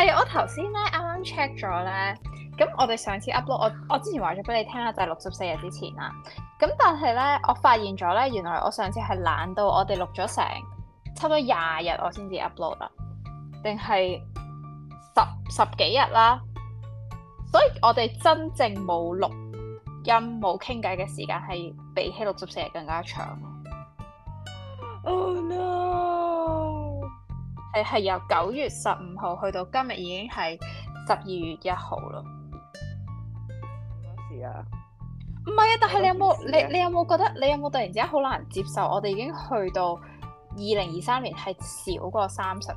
係，我頭先咧啱啱 check 咗咧，咁我哋上次 upload，我我之前話咗俾你聽啦，就係六十四日之前啦。咁但係咧，我發現咗咧，原來我上次係懶到我哋錄咗成差唔多廿日，我先至 upload 啦，定係十十幾日啦。所以我哋真正冇錄音冇傾偈嘅時間係比起六十四日更加長。Oh, no. 係係由九月十五號去到今日已經係十二月一號咯。幾時啊？唔係啊，但係你有冇、啊、你你有冇覺得你有冇突然之間好難接受？我哋已經去到二零二三年係少過三十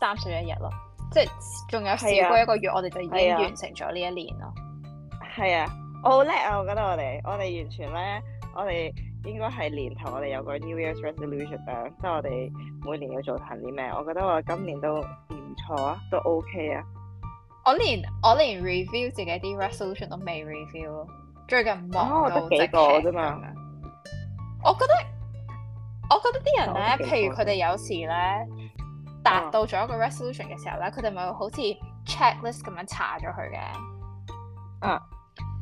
三十一日咯，即係仲有少過一個月，啊、我哋就已經完成咗呢一年咯。係啊，我好叻啊！我覺得我哋我哋完全咧，我哋。應該係年頭，我哋有個 New Year's Resolution 啊，即係我哋每年要做行啲咩？我覺得我今年都唔錯啊，都 OK 啊。我連我連 review 自己啲 resolution 都未 review，最近唔忙。哦，得幾個啫嘛。我覺得我覺得啲人咧，譬如佢哋有時咧達到咗個 resolution 嘅時候咧，佢哋咪會好似 checklist 咁樣查咗佢嘅。嗯、啊。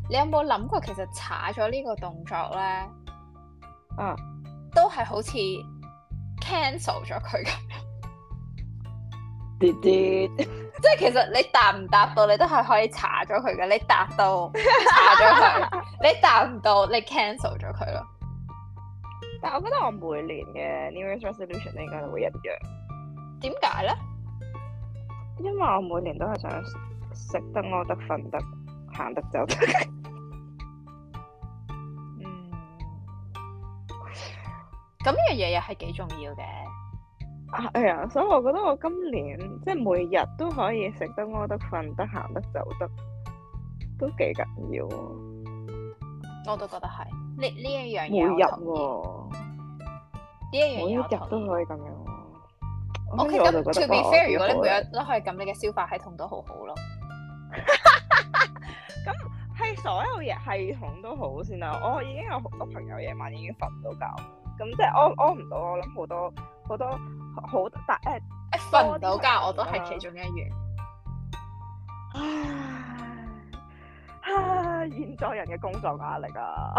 你有冇諗過其實查咗呢個動作咧？啊，都係好似 cancel 咗佢咁，啲啲，即係其實你答唔答到，你都係可以查咗佢噶。你答到，查咗佢， 你答唔到，你 cancel 咗佢咯。但係我覺得我每年嘅 New Year's Resolution 應該都會一樣，點解咧？因為我每年都係想食得，得，我得瞓得，行得就得。 咁呢樣嘢又係幾重要嘅啊，係、哎、啊，所以我覺得我今年即係每日都可以食得、屙得、瞓得、行得、走得，都幾緊要。我都覺得係，呢呢、啊、一樣嘢。每日，呢一樣每日都可以咁樣。Okay, 我其實都覺得，to be fair，如果你每日都可以咁，你嘅消化系統都好好咯。咁係所有嘢系統都好先啦。我已經有好多朋友夜晚已經瞓唔到覺。咁即係安安唔到，我諗好多好多好大誒瞓唔到覺，呃、我都係其中一員。唉，唉，現代人嘅工作壓力啊！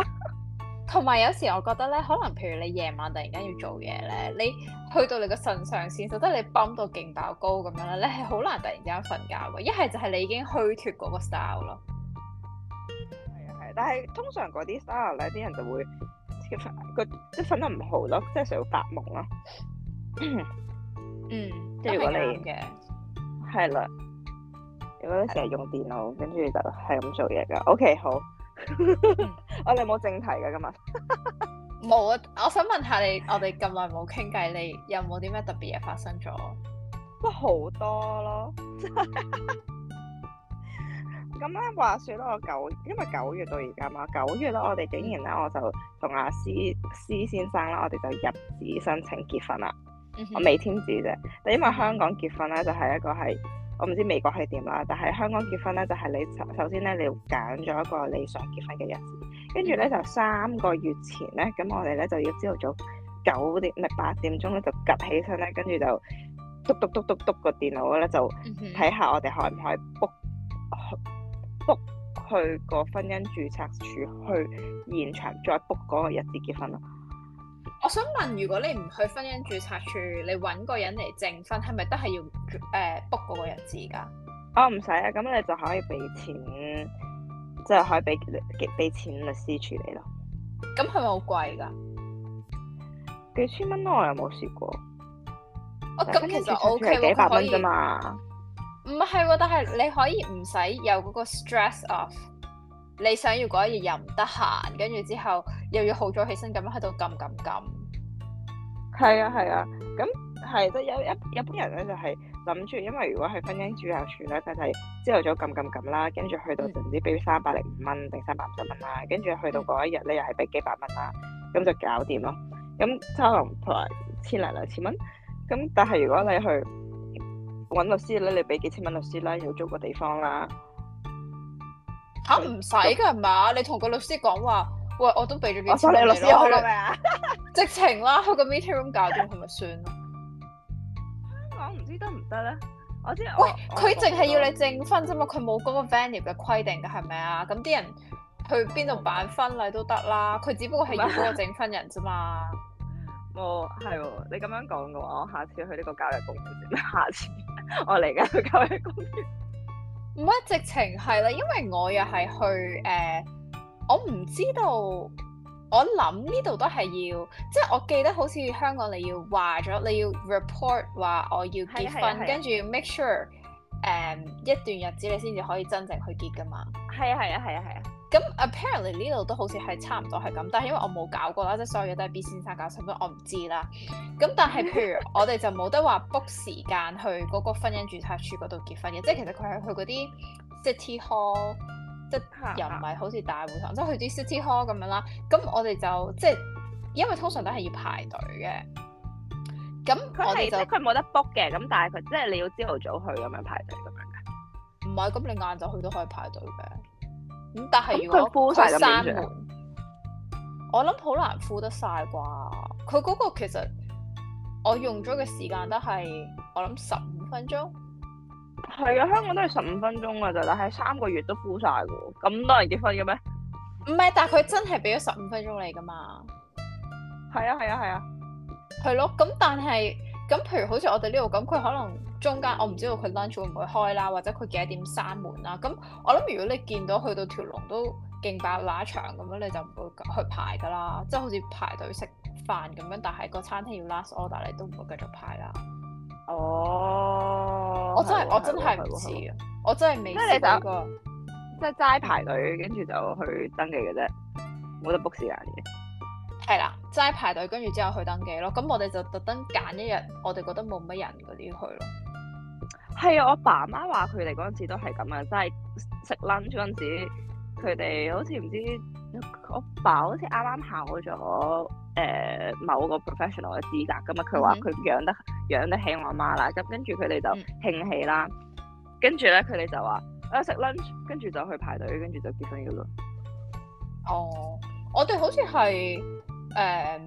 同 埋有，有時我覺得咧，可能譬如你夜晚突然間要做嘢咧，嗯、你去到你個腎上腺，覺得你泵到勁爆高咁樣咧，你係好難突然之間瞓覺嘅。一係就係你已經虛脫嗰個 style 咯。係啊係，但係通常嗰啲 style 咧，啲人就會。個即係瞓得唔好咯，即係成日發夢咯。 嗯，即係如果你係啦，如果你成日用電腦，跟住的就係咁做嘢噶。OK，好，我哋冇正題噶今日。冇 啊！我想問下你，我哋咁耐冇傾偈，你有冇啲咩特別嘢發生咗？哇，好多咯！ 咁咧，話説咧，我九，因為九月到而家嘛，九月咧，我哋竟然咧，我就同阿施施先生啦，我哋就入紙申請結婚啦。我未簽字啫，但因為香港結婚咧，就係一個係，我唔知美國係點啦，但係香港結婚咧，就係你首先咧，你要揀咗一個你想結婚嘅日子，跟住咧就三個月前咧，咁我哋咧就要朝頭早九點唔係八點鐘咧就 𥨊 起身咧，跟住就督督督督督個電腦咧就睇下我哋可唔可以 book。book 去個婚姻註冊處去現場再 book 嗰個日子結婚咯。我想問，如果你唔去婚姻註冊處，你搵個人嚟證婚，係咪都係要誒 book 嗰個日子噶？我唔使啊，咁你就可以俾錢，即係可以俾俾錢律師處理咯。咁係咪好貴噶？幾千蚊咯，我又冇試過。哦，咁、啊、但 其實 O K，幾百蚊啫嘛。唔係喎，但係你可以唔使有嗰個 stress of。你想要嗰一日又唔得閒，跟住之後又要好早起身咁樣喺度撳撳撳。係啊係啊，咁係即有一有一般人咧就係諗住，因為如果係婚姻註冊處咧，就係朝頭早撳撳撳啦，跟住去到就唔知俾三百零五蚊定三百五十蚊啦，跟住去到嗰一日咧又係俾幾百蚊啦，咁就搞掂咯。咁差唔多同埋千零兩千蚊，咁但係如果你去，揾律師咧，你俾幾千蚊律師啦，要租個地方啦，吓唔使噶係嘛？你同個律師講話，喂，我都俾咗，我收你律師費咪啊？直情啦，去個 meeting room 搞掂佢咪算咯。香港唔知得唔得咧？我知，喂，佢淨係要你證婚啫嘛，佢冇嗰個 venue 嘅規定嘅係咪啊？咁啲人去邊度辦婚禮都得啦，佢只不過係要嗰個證婚人啫嘛。哦，係喎，你咁樣講嘅話，我下次去呢個郊野公園先。下次我嚟緊去郊野公園，唔係，直情係啦，因為我又係去誒、呃，我唔知道，我諗呢度都係要，即、就、係、是、我記得好似香港你要話咗，你要 report 話我要結婚，跟住、啊啊啊、要 make sure 誒、呃、一段日子你先至可以真正去結噶嘛。係啊係啊係啊係啊。咁 apparently 呢度都好似係差唔多係咁，但係因為我冇搞過啦，即係所有嘢都係 B 先生搞，所以我唔知啦。咁但係譬如我哋就冇得話 book 時間去嗰個婚姻註冊處嗰度結婚嘅，即係其實佢係去嗰啲 city hall，即係又唔係好似大會堂哈，即係去啲 city hall 咁樣啦。咁我哋就即係因為通常都係要排隊嘅。咁佢哋即係佢冇得 book 嘅，咁但係佢即係你要朝頭早去咁樣排隊咁樣㗎？唔係，咁你晏晝去都可以排隊嘅。咁、嗯、但係如果佢閂門，門，我諗好難敷得晒啩。佢嗰個其實我用咗嘅時間都係我諗十五分鐘。係啊，香港都係十五分鐘噶咋，但係三個月都敷晒噶，咁多人結婚嘅咩？唔係，但係佢真係俾咗十五分鐘你噶嘛？係啊，係啊，係啊，係咯。咁但係咁，譬如好似我哋呢度咁，佢可能。中間我唔知道佢 lunch 會唔會開啦，或者佢幾多點閂門啦。咁我諗如果你見到去到條龍都勁爆乸場咁樣，你就唔會去排㗎啦。即係好似排隊食飯咁樣，但係個餐廳要 last order，你都唔會繼續排啦。哦，我真係的我真係唔知啊，我真係未即係你打個，即係齋排隊跟住就去登記嘅啫，冇得 book 時間嘅。係啦，齋排隊跟住之後去登記咯。咁我哋就特登揀一日，我哋覺得冇乜人嗰啲去咯。係啊，我爸媽話佢哋嗰陣時都係咁啊，即係食 lunch 嗰陣時，佢哋好似唔知我爸好似啱啱考咗誒、呃、某個 professional 嘅資格咁啊，佢話佢養得、嗯、養得起我阿媽啦，咁跟住佢哋就興起啦，跟住咧佢哋就話啊食 lunch，跟住就去排隊，跟住就結婚嘅咯。哦，我哋好似係誒，即、呃、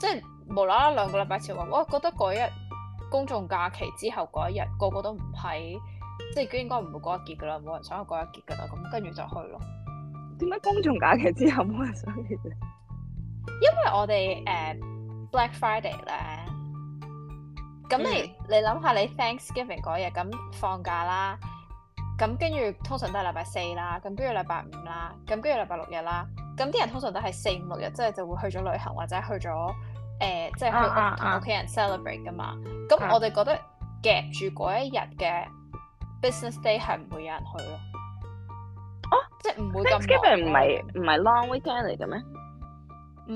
係、就是、無啦啦兩個禮拜前話，我覺得嗰日。公眾假期之後嗰一日，個個都唔係，即係應該唔會過一節噶啦，冇人想去過一節噶啦，咁跟住就去咯。點解公眾假期之後冇人想去呢？因為我哋誒、uh, Black Friday 咧，咁你、嗯、你諗下，你 Thanksgiving 嗰日咁放假啦，咁跟住通常都係禮拜四啦，咁跟住禮拜五啦，咁跟住禮拜六日啦，咁啲人通常都係四五六日，即係就會去咗旅行或者去咗。誒、呃，即係去同屋企人 celebrate 噶、ah, ah, ah. 嘛？咁我哋覺得夾住嗰一日嘅 business day 係唔會有人去咯。哦、oh，即係唔會咁。Thanksgiving 唔係唔係 long weekend 嚟嘅咩？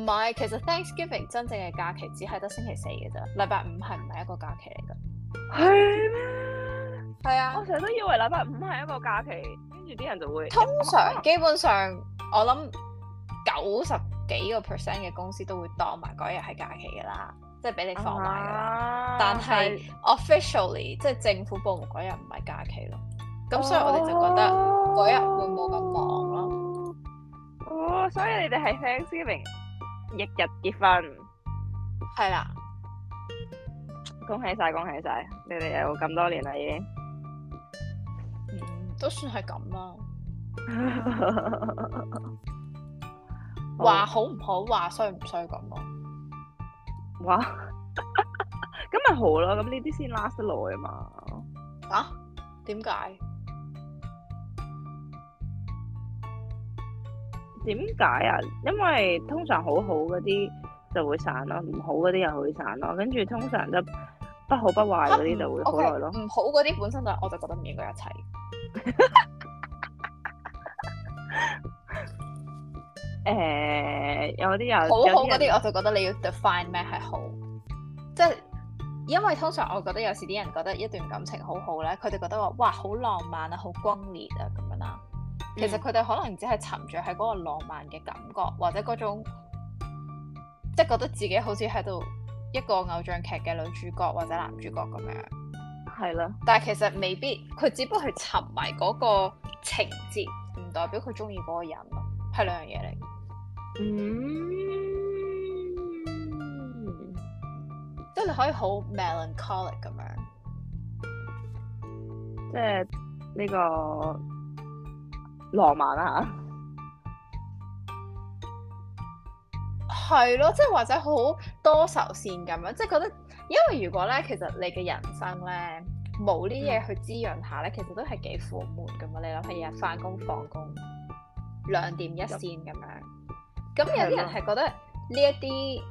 唔係，其實 Thanksgiving 真正嘅假期只係得星期四嘅咋。禮拜五係唔係一個假期嚟㗎。係咩嗎？係 啊！我成日都以為禮拜五係一個假期，跟住啲人就會通常、oh. 基本上我諗九十幾個 percent 嘅公司都會當埋嗰日係假期噶啦，即係俾你放埋噶啦。但係 officially 即係政府部門嗰日唔係假期咯。咁所以我哋就覺得嗰日、oh. 嗯、會冇咁忙咯。哦，oh, 所以你哋係 Thanksgiving 日日結婚係啦了。恭喜晒，恭喜晒！你哋有咁多年、嗯、啦，已經都算係咁啦。話好唔好，話衰唔衰咁講。哇，咁 咪好咯，咁呢啲先 last 得耐啊嘛。啊？點解？點解啊？因為通常好好嗰啲就會散咯，唔好嗰啲又會散咯，跟住通常都不好不壞嗰啲就會、啊、okay, 了好耐咯。唔好嗰啲本身就我就覺得唔應該一齊。 誒，uh, 有啲人好好嗰啲，我就覺得你要 define 咩係好，即係因為通常我覺得有時啲人覺得一段感情好好咧，佢哋覺得話哇好浪漫啊，好轟烈啊咁樣啦。其實佢哋可能只係沉著喺嗰個浪漫嘅感覺，或者嗰種即係覺得自己好似喺度一個偶像劇嘅女主角或者男主角咁樣，係啦。但係其實未必，佢只不過係沉迷嗰個情節，唔代表佢中意嗰個人咯，係兩樣嘢嚟。嗯，即係你可以好 melancholic 咁樣，即係呢個浪漫啊，係咯，即係或者好多愁善感咁樣，即係覺得，因為如果咧，其實你嘅人生咧冇呢嘢去滋潤下咧，其實都係幾苦悶噶嘛。你諗下日日翻工放工，兩點一線咁樣。咁有啲人係覺得呢一啲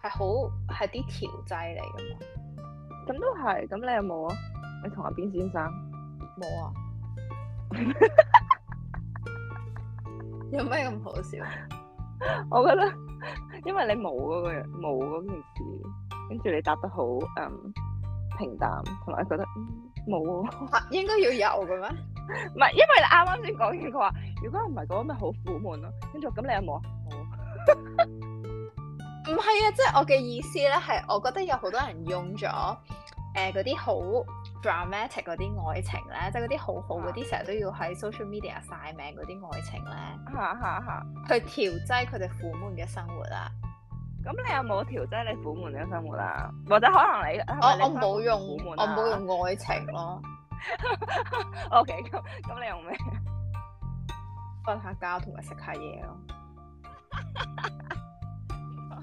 係好係啲調劑嚟噶嘛？咁都係，咁你有冇啊？你同阿邊先生冇啊？有咩咁好笑？ 我覺得因為你冇嗰個人，冇嗰件事，跟住你答得好嗯平淡，同埋覺得冇、嗯、啊，啊？應該要有嘅咩？ 唔係， 因為你啱啱先講完佢話，如果唔係嗰個咪好苦悶咯，啊，跟住咁你有冇？唔係 啊，即、就、係、是、我嘅意思咧，係我覺得有好多人用咗誒嗰、呃、啲好 dramatic 嗰啲愛情咧，即係嗰啲好好嗰啲成日都要喺 social media 晒命嗰啲愛情咧，哈哈哈，啊啊、去調劑佢哋苦悶嘅生活啊！咁你有冇調劑你苦悶嘅生活啊？或者可能你我我冇用，苦悶、啊、我冇用愛情咯。 O K，咁咁你用咩？瞓下覺同埋食下嘢咯。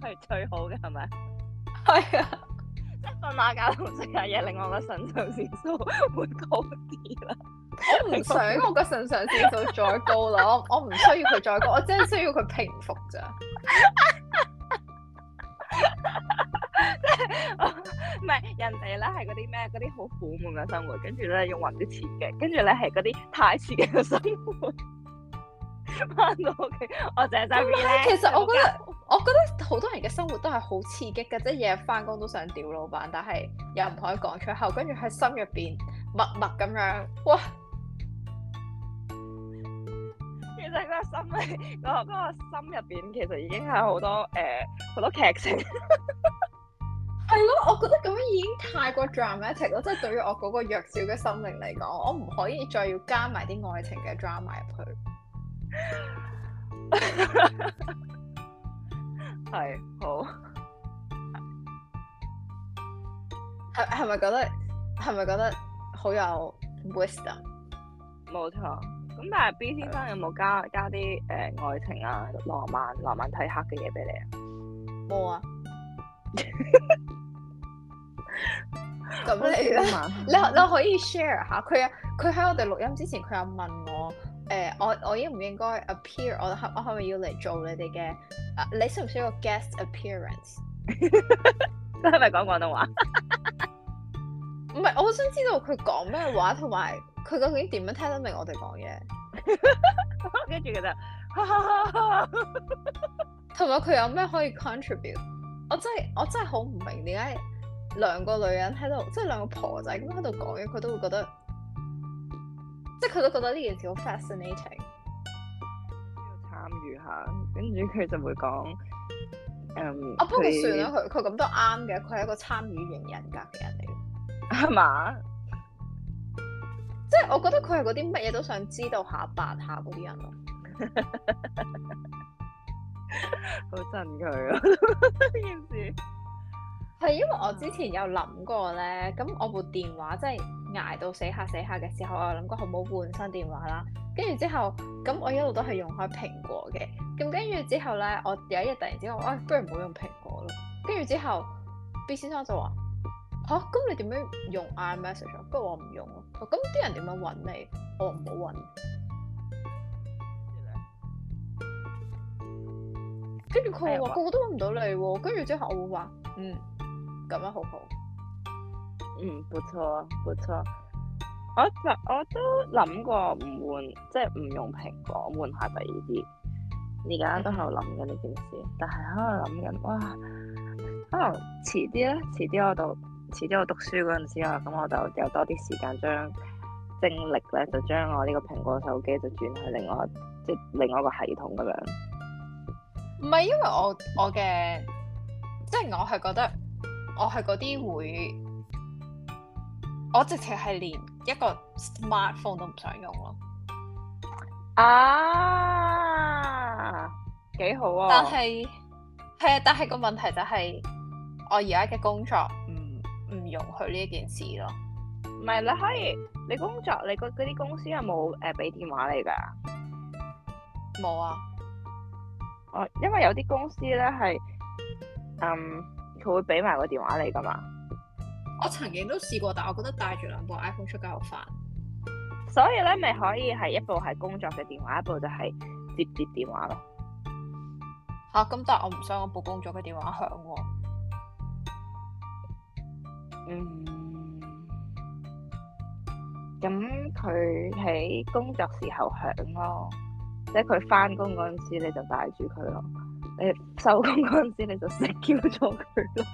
係最好嘅，係咪？係啊，即係瞓下覺同食下嘢，令我嘅腎上腺素會高啲啦。我唔想我個腎上腺素再高啦，我唔需要佢再高，我真係需要佢平復咋。唔係人哋咧，係嗰啲咩？嗰啲好苦悶嘅生活，跟住咧用揾啲刺激，跟住咧係嗰啲太刺激嘅生活。翻到屋企，我淨係得呢。其實我覺得，我覺得好多人嘅生活都係好刺激嘅，即係日日翻工都想屌老闆，但係又唔可以講出口，跟住喺心入邊默默咁樣。哇！其實嗰個心咧，嗰嗰個心入邊，其實已經係好多誒好多劇情。係咯， 我覺得咁樣已經太過 dramatic 咯， 即係對於我嗰個弱小嘅心靈嚟講，我唔可以再要加埋啲愛情嘅 drama 入去。係 好，係係咪覺得，係咪覺得好有 boast？冇錯，咁但係 B 先生有冇加加啲誒、呃、愛情啊浪漫浪漫體刻嘅嘢俾你啊？冇啊多嗎。 咁你咧，你你可以 share 下佢啊？佢喺我哋錄音之前，佢有問我：誒、欸，我我應唔應該 appear？我係我係咪要嚟做你哋嘅、啊？你識唔識個 guest appearance？係咪講廣東話？唔 係，我好想知道佢講咩話，同埋佢究竟點樣聽得明我哋講嘢？跟住佢就，同埋佢有咩可以 contribute？我真係我真係好唔明點解。兩個女人喺度，即係兩個婆仔咁喺度講嘢，佢都會覺得，即係佢都覺得呢件事好 fascinating。要參與下，跟住佢就會講，嗯、um，啊，啊不過算啦，佢佢咁都啱嘅，佢係一個參與型人，人格嘅人嚟，嘅嗎，係嘛？即係我覺得佢係嗰啲乜嘢都想知道下、白下嗰啲人咯，好憎佢啊呢件事！ 係因為我之前有諗過咧，咁我部電話即係挨到死下死下嘅時候，我諗過好唔好換新電話啦。跟住之後，咁我一路都係用開蘋果嘅。咁跟住之後咧，我有一日突然之間，我哎不如唔好用蘋果咯。跟住之後，B 先生就話：吓咁你點樣用 iMessage 啊？不過我唔用咯。咁啲人點樣搵你？我唔好搵。跟住佢話個個都搵唔到你喎。跟住之後我會話嗯。咁樣好好，嗯，不錯，不錯。我就我都諗過唔換，即係唔用蘋果，換下第二啲。而家都喺度諗緊呢件事，但係喺度諗緊，哇！可能遲啲咧，遲啲我讀，遲啲我，我讀書嗰陣時啊，咁我就有多啲時間將精力咧，就將我呢個蘋果手機就轉去另外即係另外一個系統咁樣。唔係因為我我嘅，即係我係覺得。我係嗰啲會，我直情係連一個 smartphone 都唔想用咯。啊，幾好啊！但係係啊，但係個問題就係我而家嘅工作唔唔容許呢一件事咯、啊。唔係你可以，你工作你嗰啲公司有冇誒俾電話你㗎？冇啊。哦，因為有啲公司咧係嗯。佢會俾埋個電話你㗎嘛？我曾經都試過，但係我覺得帶住兩部 iPhone 出街好煩。所以咧，咪可以係一部係工作嘅電話，一部就係接接電話咯。吓、啊，咁但係我唔想我部工作嘅電話響喎、啊。嗯。咁佢喺工作時候響咯，即係佢返工嗰陣時，你就帶住佢咯。你收工嗰陣時，你就 secure 咗佢咯。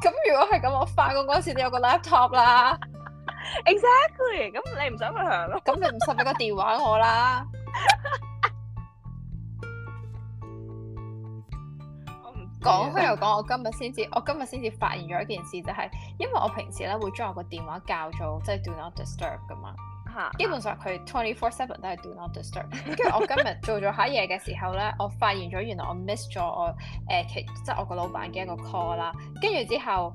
咁 如果係咁，我翻工嗰陣時你有個 laptop 啦 ，exactly、啊。咁 你唔想去響咯。咁你唔信，你個電話我啦。講開又講，我今日先至，我今日先至發現咗一件事，就係、是，因為我平時咧會將我個電話校做即係、就是、do not disturb 噶嘛。基本上佢 twenty four seven 都係 do not disturb。跟住我今日做咗下嘢嘅時候咧， 我發現咗原來我 miss 咗我誒、呃、其即係我個老闆嘅一個 call 啦。跟住之後，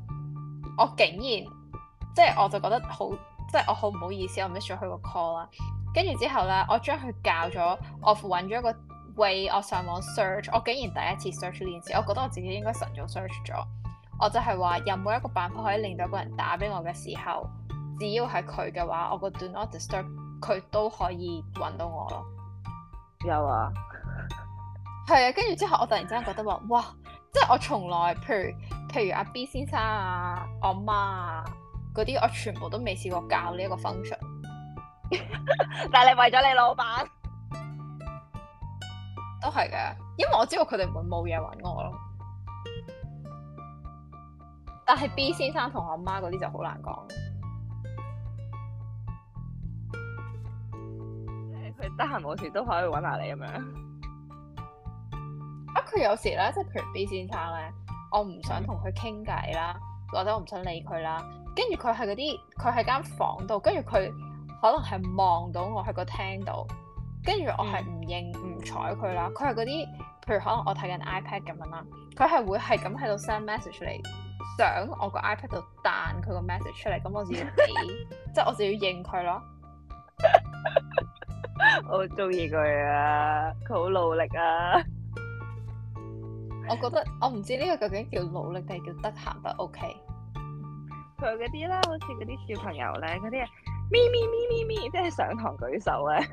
我竟然即係我就覺得好即係我好唔好意思，我 miss 咗佢個 call 啦。跟住之後咧，我將佢教咗，我揾咗一個 way，我上網 search，我竟然第一次 search 呢件事，我覺得我自己應該晨早 search 咗。我就係話有冇一個辦法可以令到個人打俾我嘅時候？只要係佢嘅話，我個 do not disturb 佢都可以搵到我咯。有啊，係啊，跟住之後我突然之間覺得話哇，即係我從來，譬如譬如阿 B 先生啊，我媽啊嗰啲，我全部都未試過教呢一個 function。 但係你為咗你老闆都係嘅，因為我知道佢哋唔會冇嘢搵我咯。但係 B 先生同我媽嗰啲就好難講。得閒冇事都可以揾下你咁樣。 啊，佢有時咧，即係譬如 B 先生咧，我唔想同佢傾偈啦，嗯、或者我唔想理佢啦。跟住佢係嗰啲，佢喺間房度，跟住佢可能係望到我喺個廳度，跟住我係唔應唔睬佢啦。佢係嗰啲，譬如可能我睇緊 iPad 咁樣啦，佢係會係咁喺度 send message 嚟，想我個 iPad 度彈佢個 message 出嚟，咁我就要俾，即係 我就要應佢咯。 我中意佢啊！佢好努力啊！ 我覺得我唔知呢個究竟叫努力定係叫得閒得 OK？佢嗰啲啦，好似嗰啲小朋友咧，嗰啲啊，咪咪咪咪咪，即係上堂舉手咧。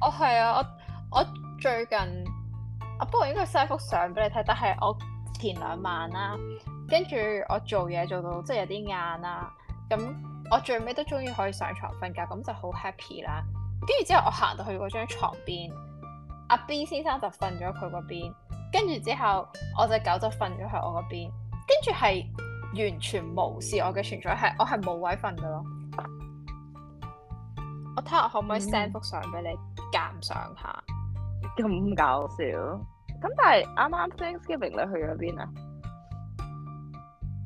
我係啊，我我最近我我啊，不過應該 send 幅相俾你睇，但係我前兩晚啦，跟住我做嘢做到即係有啲晏啦，咁。我最尾都終於可以上床瞓覺，咁就好 happy 啦。跟住之、之後，我行到去嗰張床邊，阿 B 先生就瞓咗佢嗰邊，跟住之後，我隻狗就瞓咗喺我嗰邊，跟住係完全無視我嘅存在，係我係冇位瞓嘅咯。 我睇下可唔可以 send 幅相俾你鑑賞下。咁搞笑！咁但係啱啱 Thanksgiving、um、你去咗邊啊？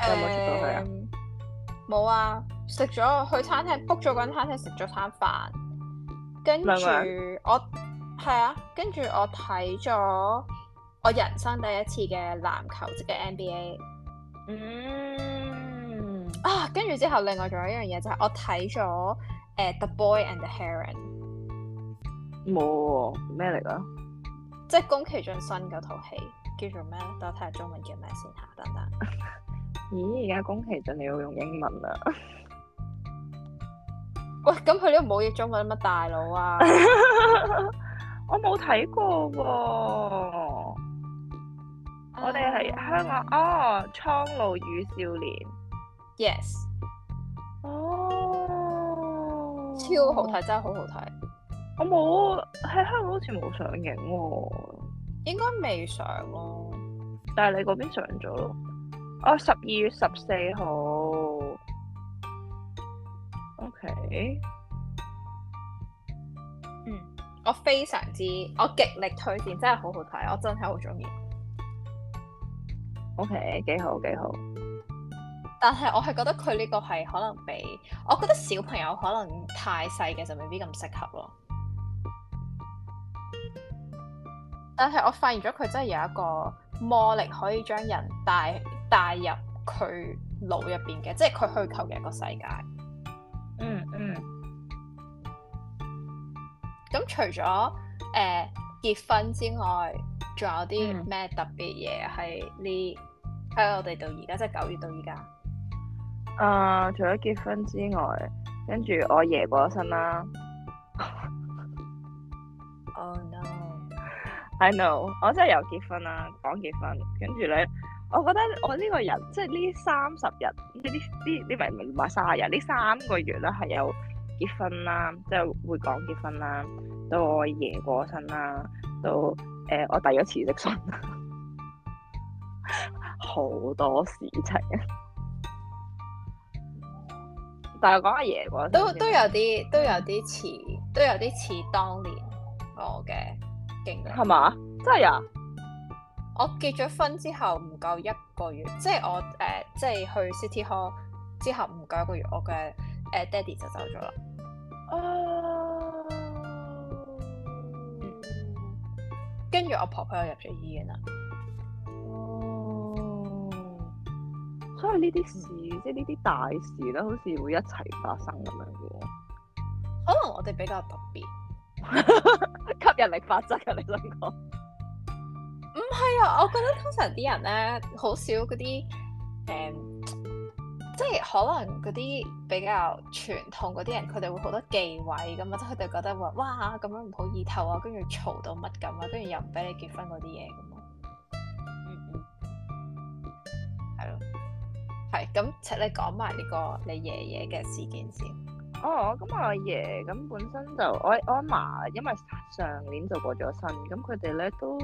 有冇出到去啊？冇啊！食咗去餐廳 book 咗間餐廳食咗餐飯，跟住碗我係啊，跟住我睇咗我人生第一次嘅籃球即嘅 NBA。嗯啊，跟住之後另外仲有一樣嘢就係、是、我睇咗誒《The Boy and the Heron》哦。冇咩嚟㗎？即係宮崎駿新嗰套戲叫做咩？等我睇下中文叫咩先吓，等等。 咦，而家宮崎駿你要用英文啦？ 喂，咁佢呢個冇譯中文，乜大佬啊？ 我冇睇過喎。Uh, 我哋係香港啊，《蒼鷺與少年》，Yes。哦，超好睇，真係好好睇啊。我冇喺香港好似冇上映喎，應該未上咯。但係你嗰邊上咗咯。我十二月十四號，OK，嗯，我非常之，我極力推薦，真係好好睇，我真係好中意。OK，幾好幾好，但係我係覺得佢呢個係可能俾，我覺得小朋友可能太細嘅就未必咁適合咯。但係我發現咗佢真係有一個魔力，可以將人帶。帶入佢腦入邊嘅，即係佢虛構嘅一個世界。嗯嗯、mm, mm。咁除咗誒結婚之外，仲有啲咩特別嘢係呢，喺我哋到而家即係九月到而家？誒，uh, 除咗結婚之外，跟住我爺過咗身啦。哦、 oh, no! I know，我真係有結婚啦，講結婚，跟住咧。我覺得我呢個人，即係呢三十日，呢啲啲你明唔明白？三十日呢三個月啦，係有結婚啦，即就會講結婚啦，到我爺過身啦，到誒、呃、我遞咗辭職信啦，好多事情。 但係講阿爺過身都都有啲都有啲似都有啲似當年的我嘅經歷係嘛？真係啊！我結咗婚之後唔夠一個月，即係我誒、呃，即係去 City Hall 之後唔夠一個月，我嘅誒、呃、爹哋就走咗啦。哦、uh，跟住、嗯、我婆婆又入咗醫院啦。哦、oh. 啊，所以呢啲事，即係呢啲大事咧，好似會一齊發生咁樣嘅。可能我哋比較特別， 吸引力法則嘅你諗過。係啊，我覺得通常啲人咧，好少嗰啲誒，即係可能嗰啲比較傳統嗰啲人，佢哋會好多忌諱㗎嘛，即係佢哋覺得話哇咁樣唔好意頭啊，跟住嘈到乜咁啊，跟住又唔俾你結婚嗰啲嘢咁啊。嗯、mm，嗯、hmm.，係咯，係咁請你講埋呢個你爺爺嘅事件先。哦，咁我阿爺咁本身就我我阿嫲，因為上年就過咗身，咁佢哋咧都。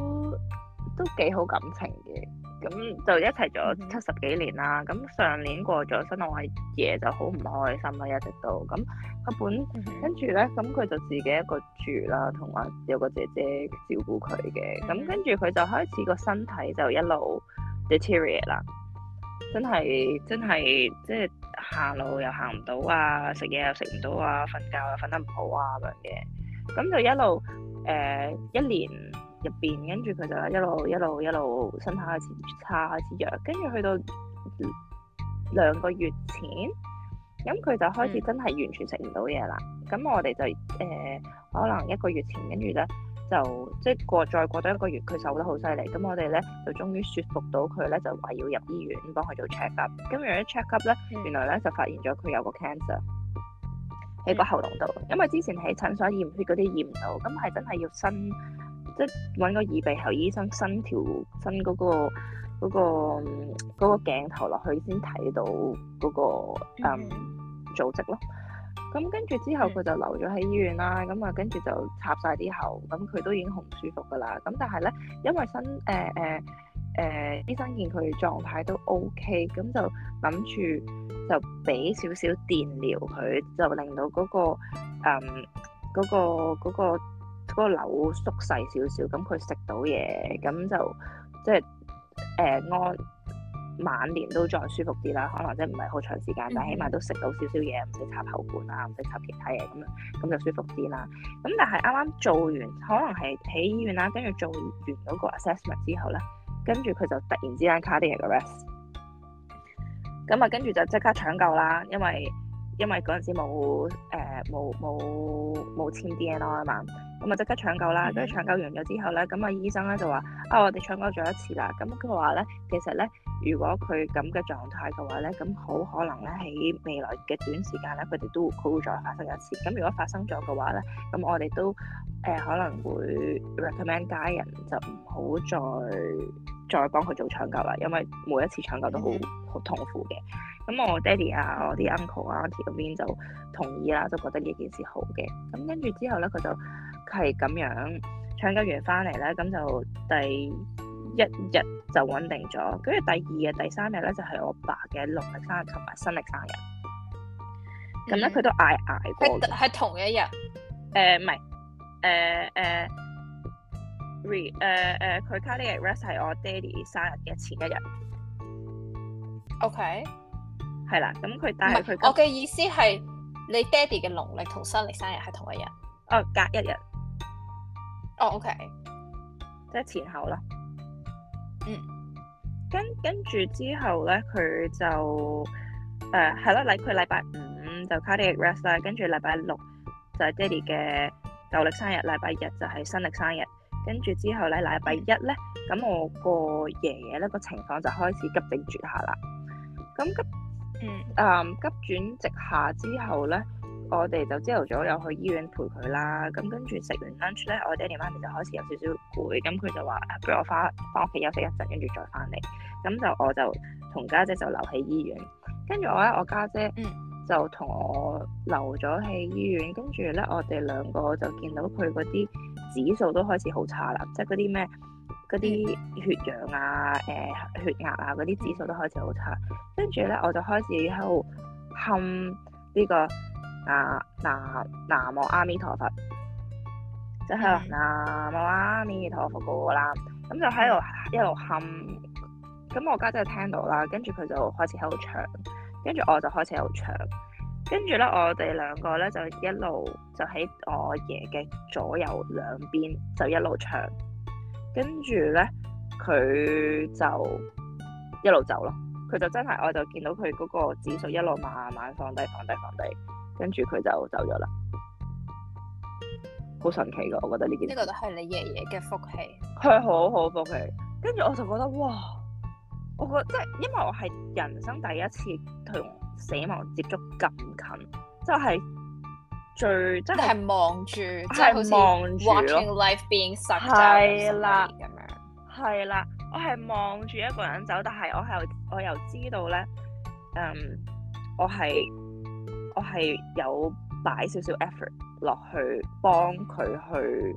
都幾好感情嘅，咁就一齊咗七十幾年啦。咁上年過咗身，我爺爺就好唔開心啦，一直都咁佢本、嗯、哼跟住呢。咁佢就自己一個住啦，同埋有個姐姐照顧佢嘅。咁、嗯、哼跟住佢就開始個身體就一路 deteriorate 啦，真係真係即係行路又行唔到啊，食嘢又食唔到啊，瞓覺又瞓得唔好啊咁樣嘅。咁就一路誒、呃、一年。入邊，跟住佢就一路一路一路身體開始差，開始弱，跟住去到兩個月前，咁佢、嗯、就開始真係完全食唔到嘢啦。咁我哋就誒、呃、可能一個月前，跟住咧就即係過再過多一個月，佢瘦得好犀利。咁我哋咧就終於説服到佢咧，就話要入醫院幫佢做 check up。咁樣一 check up 咧，嗯、原來咧就發現咗佢有個 cancer 喺、嗯、個喉嚨度，因為之前喺診所驗血嗰啲驗唔到，咁係真係要新。即係揾個耳鼻喉醫生，伸條伸嗰個嗰、嗰個嗰、嗰個嗰個、鏡頭落去先睇到嗰、嗰個誒、mm hmm. 嗯、組織咯。咁跟住之後，佢就留咗喺醫院啦。咁、嗯、啊，跟住就插晒啲喉，咁、嗯、佢都已經好唔舒服噶啦。咁、嗯、但係咧，因為新誒誒誒醫生見佢狀態都 OK，咁、嗯、就諗住就俾少少電療佢，就令到嗰個誒嗰個嗰個。嗯嗰個嗰個嗰個嗰個瘤縮細少少，咁佢食到嘢，咁就即係誒安晚年都再舒服啲啦。可能即係唔係好長時間，嗯、但係起碼都食到少少嘢，唔使插喉管啊，唔使插其他嘢咁樣，咁就舒服啲啦。咁但係啱啱做完，可能係喺醫院啦，跟住做完嗰個 assessment 之後咧，跟住佢就突然之間 cardiac arrest，咁啊，跟住就即刻搶救啦，因為因為嗰陣時冇誒冇冇冇簽 D N I 嘛。咁啊，即刻搶救啦！跟住、嗯、搶救完咗之後咧，咁啊，醫生咧就話：啊，我哋搶救咗一次啦。咁佢話咧，其實咧，如果佢咁嘅狀態嘅話咧，咁好可能咧，喺未來嘅短時間咧，佢哋都佢會再發生一次。咁如果發生咗嘅話咧，咁我哋都誒、呃、可能會 recommend 家人就唔好再再幫佢做搶救啦，因為每一次搶救都好好痛苦嘅。咁我爹哋啊，我啲 uncle、嗯、啊，uncle 邊就同意啦，就覺得呢件事好嘅。咁跟住之後咧，佢就。係咁樣搶救完翻嚟咧，咁就第一日就穩定咗。跟住第二日、第三日咧，就係、是、我爸嘅農曆生日同埋新曆生日。咁咧、嗯，佢是都捱捱過。係同一日。誒唔係誒誒 re 佢 cardiac arrest 係我爹哋生日嘅前一日。OK，係啦。咁佢但係佢是跟我嘅意思係你爹哋嘅農曆同新曆生日係同一日。嗯、哦，隔一日。哦、oh,，OK，即係前後咯，嗯，跟跟住之後咧，佢就誒係咯，禮佢禮拜五就 cardiac rest 啦，跟住禮拜六就係爹哋嘅舊曆生日，禮拜日就係新曆生日，跟住之後咧，禮拜一咧，咁我個爺爺咧個情況就開始急轉直下啦，咁急，嗯，啊、嗯、急轉直下之後咧。我哋就朝頭早有去醫院陪佢啦，咁跟住食完 lunch 咧，我爹哋媽咪就開始有少少攰，咁佢就話：畀我翻翻屋企休息一陣，跟住再翻嚟。咁就我就同家姐就留喺醫院，跟住我咧我家姐就同我留咗喺醫院，跟住咧我哋兩個就見到佢嗰啲指數都開始好差啦，即係嗰啲咩嗰啲血氧啊、誒、呃、血壓啊嗰啲指數都開始好差，跟住咧我就開始喺度喊呢個。阿南南無阿彌陀佛，就係南無阿彌陀佛嗰個啦。咁就喺度一路喊，咁我家姐聽到啦，跟住佢就開始喺度唱，跟住我就開始喺度唱，跟住咧我哋兩個咧就一路就喺我爺嘅左右兩邊就一路唱，跟住咧佢就一路走咯。佢就真係，我就見到佢嗰個指數一路慢慢放低、放低、放低。放低。跟住佢就走咗啦，好神奇㗎，我覺得呢件，呢個都係你爺爺嘅福氣，佢好好福氣。跟住我就覺得哇，我覺得即係因為我係人生第一次同死亡接觸咁近，就係、係、最即係望住，即係好似 watching life being sucked 咁樣，係啦，我係望住一個人走，但係我係我又知道咧，嗯，我係。我係有擺少少 effort 落去幫佢去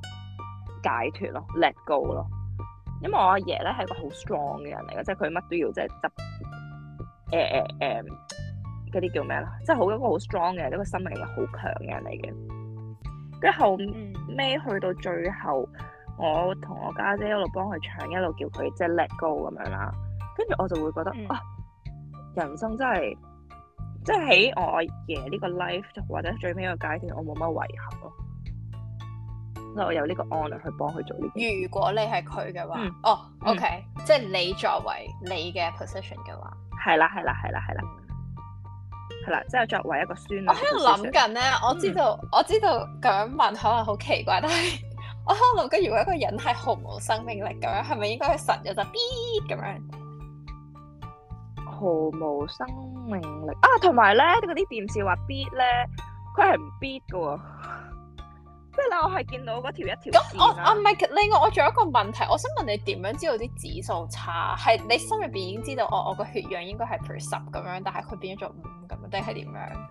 解脫咯，let go 咯。因為我阿爺咧係個好 strong 嘅人嚟嘅，即係佢乜都要、欸欸欸欸，即係執誒誒誒啲叫咩啦，即係好一個好 strong 嘅一個心理好強嘅人嚟嘅。跟住後尾去到最後，我同我家姐，姐一路幫佢唱，一路叫佢即係 let go 咁樣啦。跟住我就會覺得、嗯、啊，人生真係～即係喺我阿爺呢個 life 或者最尾一個階段，我冇乜遺憾咯。咁我有呢個 honor 去幫佢做呢。如果你係佢嘅話，哦，OK，即係你作為你嘅 position 嘅話，係啦係啦係啦係啦，係啦，即係作為一個孫女，我喺度諗緊咧，我知道我知道咁樣問可能好奇怪，但係 我可能覺得如果一個人係毫無生命力咁樣，係咪應該係神有只 B 咁樣？毫無生命力啊！同埋咧，啲嗰啲電視話 bid 咧，佢係唔 bid 噶喎，即係咧我係見到嗰條一條咁、啊、我啊唔係，另外我仲有一個問題，我想問你點樣知道啲指數差？係你心入邊已經知道我我個血氧應該係十咁樣，但係佢變咗做五咁樣，定係點樣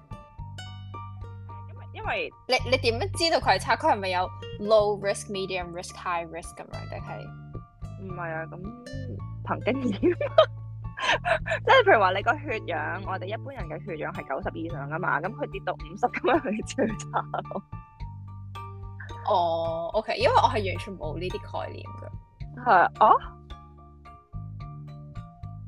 因？因為因為你你點樣知道佢係差？佢係咪有 low risk、medium risk、high risk 咁樣？定係唔係啊？咁憑經驗。 即係譬如話你個血氧，我哋一般人嘅血氧係九十以上噶嘛，咁佢跌到五十咁樣去最差。哦，OK，因為我係完全冇呢啲概念噶，係啊。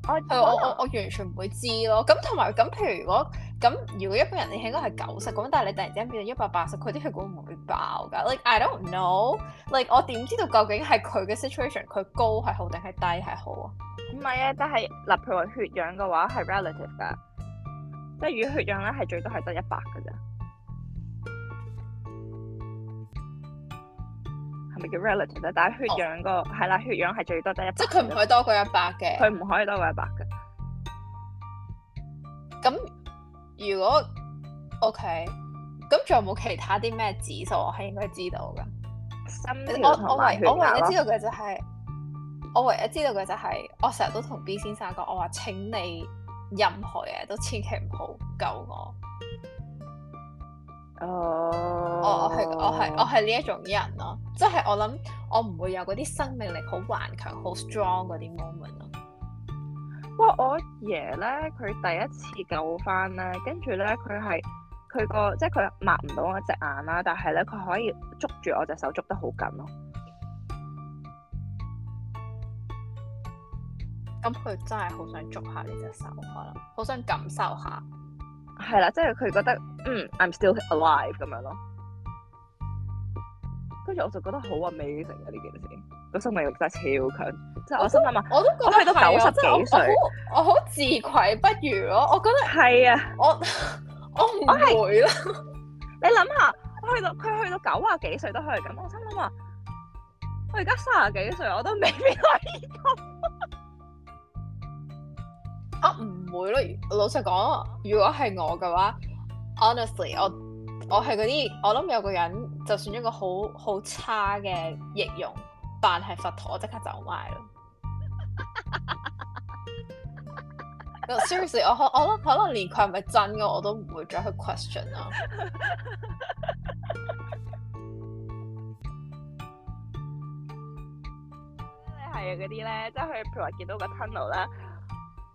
我我我完全唔會知咯。咁同埋咁，譬如我咁，如果一般人你應該係九十咁，但係你突然之間變到一百八十，佢啲血管唔會爆㗎？Like I don't know。Like 我點知道究竟係佢嘅 situation，佢高係好定係低係好啊？唔係啊，但係嗱，譬如話血氧嘅話係 relative 㗎，即係如果血氧咧係最多係得一百㗎咋。咪叫 relative，但係血氧個係啦，oh. 血氧係最多得一百。即係佢唔可以多過一百嘅，佢唔可以多過一百嘅。咁如果 OK，咁仲有冇其他啲咩指數我係應該知道噶？條我我唯我唯一知道嘅就係，我唯一知道嘅就係、是嗯就是，我成日、就是、都同 B 先生講，我話請你任何嘢都千祈唔好救我。哦、oh,，我係我係我係呢一種人咯，即係我諗我唔會有嗰啲生命力好頑強、好 strong 嗰啲 moment 咯。不過我爺咧，佢第一次救翻咧，跟住咧佢係佢個即係佢擘唔到我隻眼啦，但係咧佢可以捉住我隻手捉得好緊咯。咁佢真係好想捉下你隻手可能，好想感受下。係啦，即係佢覺得嗯，I'm still alive 咁樣咯。跟住我就覺得好 amazing 啊！呢件事，個生命力真係超強。都即係我心諗啊，我都覺得我去到九十幾歲真係，我好我好自愧不如咯。我覺得係啊，的我我唔會咯。你諗下，我去到佢去到九啊幾歲都去緊，我心諗啊，我而家卅幾歲，我都未必可以到。 uh uh. 唔會咯，老實講，如果係我嘅話，honestly，我我係嗰啲，我諗有個人就算一個好好差嘅易容扮係佛陀，我即刻走埋咯。 no, seriously，我我諗可能連佢係咪真嘅我都唔會再去 question 啦。你係嗰啲咧，即係佢譬如話見到個 tunnel 啦。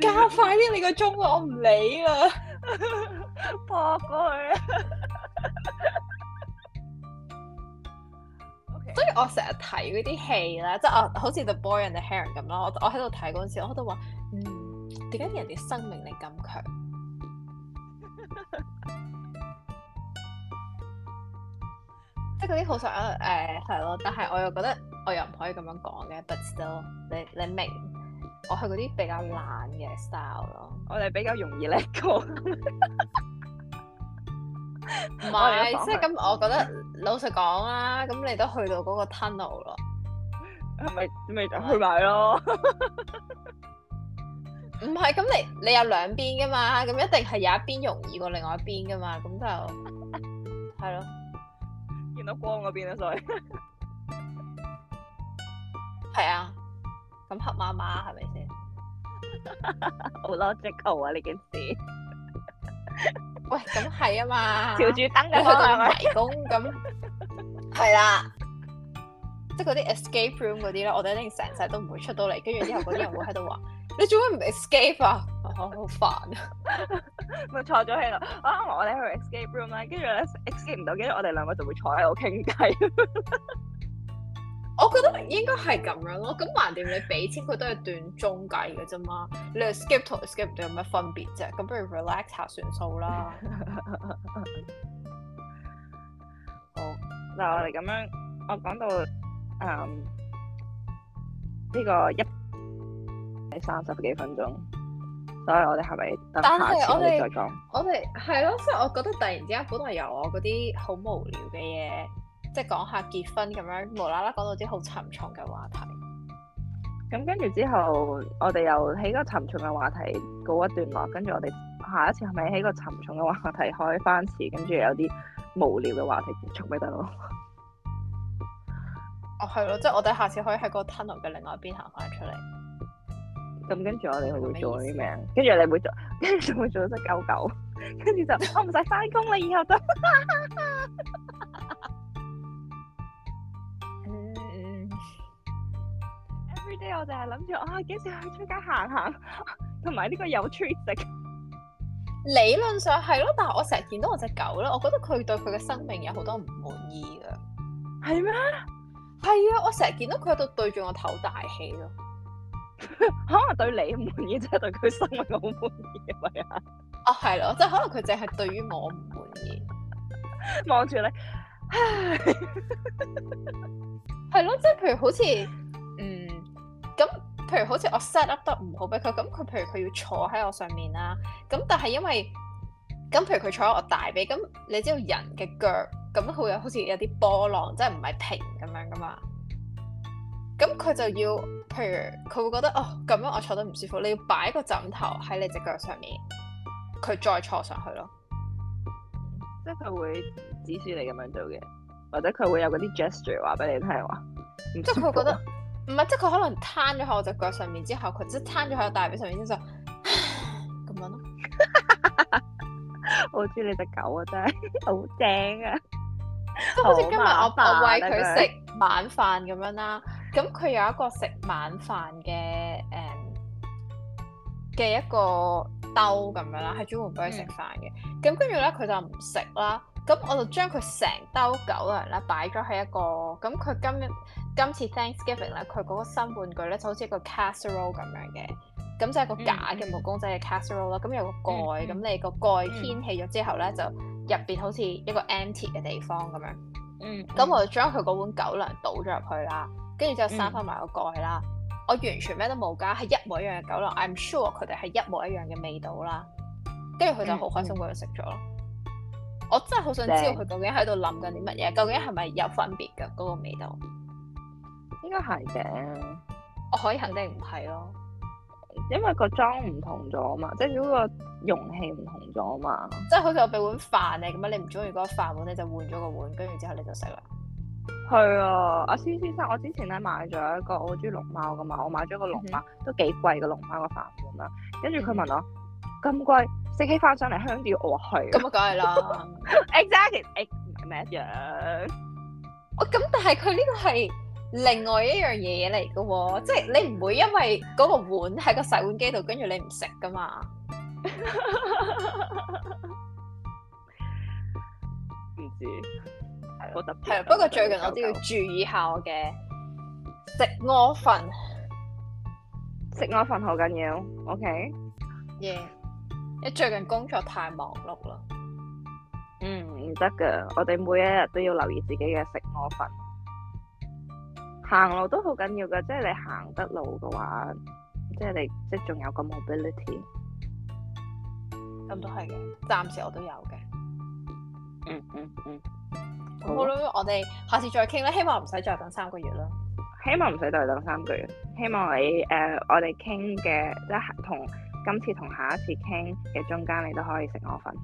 加快啲你個鐘啦，我唔理啦，播過所以， Okay. 我成日睇嗰啲戲咧，即係我好似 The Boy and the Heron 咁咯。我我喺度睇嗰陣時，我都話，嗯，點解人哋生命力咁強？即係嗰啲好想。啊、哎！誒，係咯，但係我又覺得我又唔可以咁樣講嘅。But still，你你明？我去嗰啲比較懶嘅 style 咯，我哋比較容易叻過，唔係，即係咁。我覺得 老實講啊，咁你都去到嗰個 tunnel 咯，係咪咁咪就去埋咯？唔係咁，你你有兩邊噶嘛？咁一定係有一邊容易過另外一邊噶嘛？咁就係咯，然 見到光嗰邊啊，所以係啊。 黑媽媽係咪先？好 logical 啊！呢件事，喂，咁係啊嘛，調住燈喺佢個迷宮，咁係啦，即係嗰啲 escape room 嗰啲咧，我哋一定成世都唔會出到嚟，跟住之後嗰啲人會喺度話：你做乜唔 escape 啊？我好煩，咪坐咗喺度。啊，我哋去 escape room 啦，跟住咧 escape 唔到，跟住我哋兩個就會坐喺度傾偈。我覺得應該係咁樣咯，咁橫掂你俾錢佢都係斷鐘計嘅啫嘛，你 skip 同 skip 有咩分別啫？咁不如 relax 下算數啦。 好，嗱我哋咁樣，我講到誒呢、嗯呢個一三十幾分鐘，所以我哋係咪等下次再講？我哋係咯，即係我覺得突然之間，本來由我嗰啲好無聊嘅嘢。即係講下結婚咁樣，無啦啦講到啲好沉重嘅話題。咁跟住之後，我哋又喺個沉重嘅話題告一段落。跟住我哋下一次係咪喺個沉重嘅話題開翻次？跟住有啲無聊嘅話題結束咪得咯？ 哦，係咯，即係 我哋下次可以喺個 tunnel 嘅另外一邊行翻出嚟。咁跟住我哋會做啲咩？跟住你，你會做？跟 住會做隻狗狗？跟 住就我唔使翻工啦，以後就。 Every day 我就係諗住啊，幾時去出街行行，同埋呢個有 treat 食。理論上係咯，但係我成日見到我隻狗咧，我覺得佢對佢嘅生命有好多唔滿意噶。係咩嗎？係啊，我成日見到佢喺度對住我唞大氣咯。 可能對你唔滿意，即係對佢生命好滿意，係咪啊？ 哦，係咯，即係可能佢淨係對於我唔滿意，望住著你。係 咯， 即係譬如好似。咁，譬如好似我 set up 得唔好俾佢，咁佢譬如佢要坐喺我上面啦，咁但係因為，咁譬如佢坐喺我大髀，咁你知道人嘅腳咁佢會有好似有啲波浪，即係唔係平咁樣噶嘛，咁佢就要，譬如佢會覺得哦，咁樣我坐得唔舒服，你要擺個枕頭喺你隻腳上面，佢再坐上去咯，即係佢會指示你咁樣做嘅，或者佢會有嗰啲 gesture 話俾你聽話，即係佢覺得。唔係，即係佢可能攤咗喺我隻腳上面之後，佢即係攤咗喺我大髀上面之後，咁樣咯。我知你隻狗啊， 狗真係好正啊！即係好似今日我爸餵佢食晚飯咁樣啦，咁佢他 有一個食晚飯嘅誒嘅一個兜咁樣啦，係專門俾佢食飯嘅。咁跟住咧，佢就唔食啦。咁、嗯、我就將佢成兜狗糧啦，擺咗喺一個，咁佢今今次 Thanksgiving 咧，佢嗰個新玩具咧就好似一個 casserole 咁樣嘅，咁就係個假嘅木公仔嘅 casserole 啦，咁有個蓋，咁你個蓋掀起咗之後咧，就入邊好似一個 empty 嘅地方咁樣，咁我就將佢嗰碗狗糧倒咗入去啦，跟住之後閂返埋個蓋啦，嗯、我完全咩都冇加，係一模一樣嘅狗糧，I'm sure 佢哋係一模一樣嘅味道啦，跟住佢就好開心咁樣食咗。嗯我真係好想知道佢究竟喺度諗緊啲乜嘢，究竟係咪有分別嘅嗰、嗰個味道？應該係嘅，我可以肯定唔係咯，因為個裝唔同咗嘛，即係果個容器唔同咗嘛。即係好似我俾碗飯你咁啊，你唔中意嗰個飯碗，你就換咗個碗，跟住之後你就食啦。係啊，阿師先生，我之前咧買咗一個我好中意龍貓嘅嘛，我買咗個龍貓、嗯、都幾貴嘅龍貓個飯碗啦。跟住佢問我咁、嗯、貴。食起上嚟香啲，我話係。咁啊，梗係啦。Exactly，ex 唔係咩一樣？哦，咁但係佢呢個係另外一樣嘢嚟噶，即係你唔會因為嗰個碗喺個洗碗機度，跟住你唔食噶嘛。唔知，係好特別。係，不過最近我都要注意下我嘅食我份，食我份好緊要。OK，耶。你最近工作太忙碌啦。嗯，唔得㗎，我哋每一日都要留意自己嘅食、我份、行路都好緊要㗎，即係你行得路嘅話，即係你即係仲有個 mobility。咁都係嘅，暫時我都有嘅、嗯。嗯嗯嗯。好啦，我哋下次再傾啦，希望唔使再等三個月啦，希望唔使再等三個月。希望你誒、呃，我哋傾嘅即係同。今次同下一次傾嘅中間，你都可以食我份。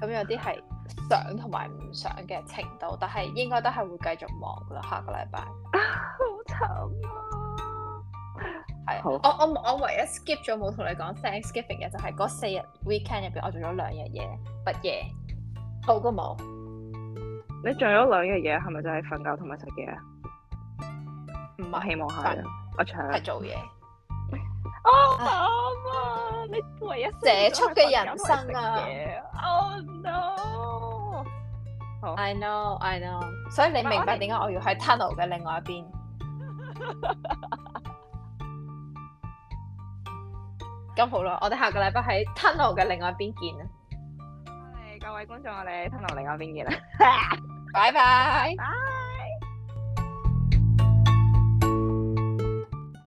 咁、嗯、有啲係想同埋唔想嘅程度，但係應該都係會繼續忙咯。下個禮拜。 好慘啊！係是好，我我我唯一 skip 咗冇同你講 Thanksgiving 嘅就係、是、嗰四日 weekend 入邊，我做咗兩日嘢，八、yeah, 夜、yeah,。好過冇？你做咗兩日嘢係咪就係瞓覺同埋食嘢啊？唔是我希望係但 我搶吵係做嘢。哦，好啊！你做一寫出嘅人生啊！Oh no！I know，I know。所以你明白點解我要喺 tunnel 嘅另外一邊。咁好啦，我哋下個禮拜喺 tunnel 嘅另外一邊見啦！歡迎各位觀眾，我哋喺 tunnel 另外一邊見啦！拜拜。